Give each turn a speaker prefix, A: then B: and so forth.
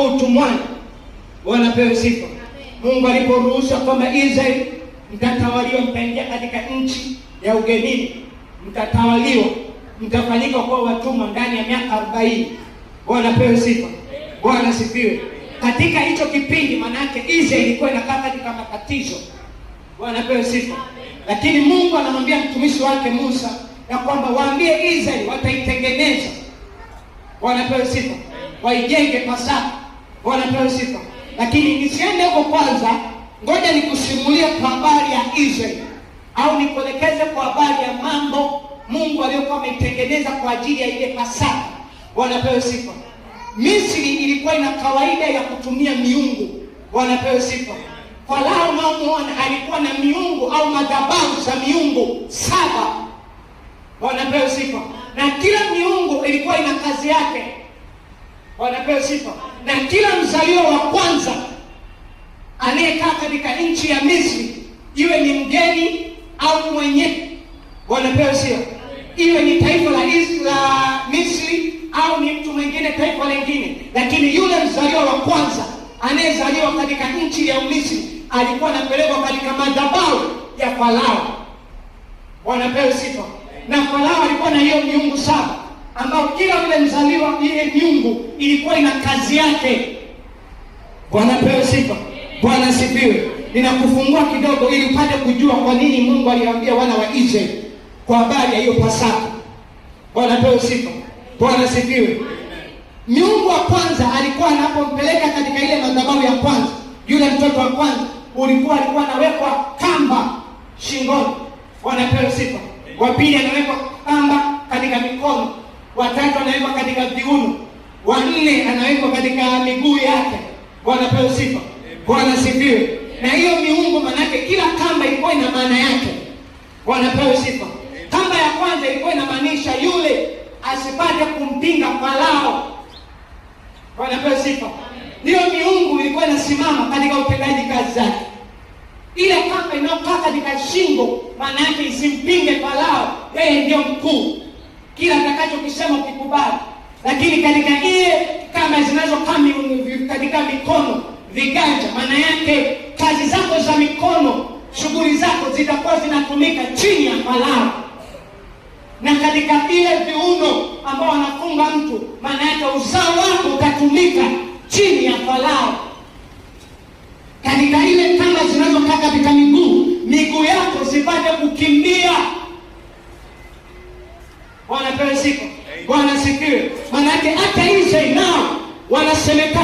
A: toka utumwani wanapewa sifa. Mungu aliporuhusa kwamba Israeli, mtatawaliwa, mtaingia katika nchi ya ugenini, mtatawaliwa, mtafanyika kuwa watumwa ndani ya miaka arobaini, wanapewa sifa. Bwana sifiwe. Katika hicho kipindi, maanake Israeli ilikuwa inakaa katika matatizo, wanapewa sifa. Lakini Mungu anamwambia mtumishi wake Musa ya kwamba waambie Israeli wataitengeneza, wanapewa sifa, waijenge Pasaka wanapewa sifa. Lakini nisiende huko kwanza, ngoja nikusimulie kwa habari ya Israeli au nikuelekeze kwa habari ya mambo Mungu aliyokuwa ameitengeneza kwa ajili ya ile Pasaka. Wanapewa sifa. Misri ilikuwa ina kawaida ya kutumia miungu. Wanapewa sifa. Farao unaomuona alikuwa na miungu au madhabahu za miungu saba. Wanapewa sifa. Na kila miungu ilikuwa ina kazi yake wanapewa sifa. Na kila mzaliwa wa kwanza anayekaa katika nchi ya Misri, iwe ni mgeni au mwenye wanapewa sifa, iwe ni taifa la Isla, Misri au ni mtu mwingine, taifa lingine, lakini yule mzaliwa wa kwanza anayezaliwa katika nchi ya Misri alikuwa anapelekwa katika madhabahu ya Farao, wanapewa sifa. Na Farao alikuwa na hiyo miungu saba ambao kila yule mzaliwa, ile eh, miungu ilikuwa ina kazi yake. Bwana pewe sifa, Bwana asifiwe. Ninakufungua kidogo ili upate kujua kwa nini Mungu aliambia wana wa Israeli kwa habari ya hiyo Pasaka. Bwana pewe sifa, Bwana asifiwe. Miungu wa kwanza alikuwa anapompeleka katika ile madhabahu ya kwanza, yule mtoto wa kwanza ulikuwa alikuwa anawekwa kamba shingoni. Bwana pewe sifa. Wa pili anawekwa kamba katika mikono watatu anawekwa katika viuno, wanne anawekwa katika miguu yake. Bwana pewe sifa, Bwana sifiwe. Na hiyo miungu, manake kila kamba ilikuwa ina maana yake. Bwana pewe sifa. Kamba ya kwanza ilikuwa inamaanisha yule asipate kumpinga Farao. Bwana pewe sifa. Hiyo miungu ilikuwa inasimama katika utendaji kazi zake. Ile kamba inayokaa katika shingo, maana yake isimpinge Farao, yeye ndiyo mkuu kila mtakachokisema kikubali lakini katika ile kama zinazokami katika mikono viganja, maana yake kazi zako za mikono, shughuli zako zitakuwa zinatumika chini ya Malawi, na katika ile viuno ambao wanafunga mtu, maana yake uzao wako utatumika chini ya Farao katika ile wanapewa pewe sifa, Bwana sikiwe. Maana yake hata nje nao wanasemekana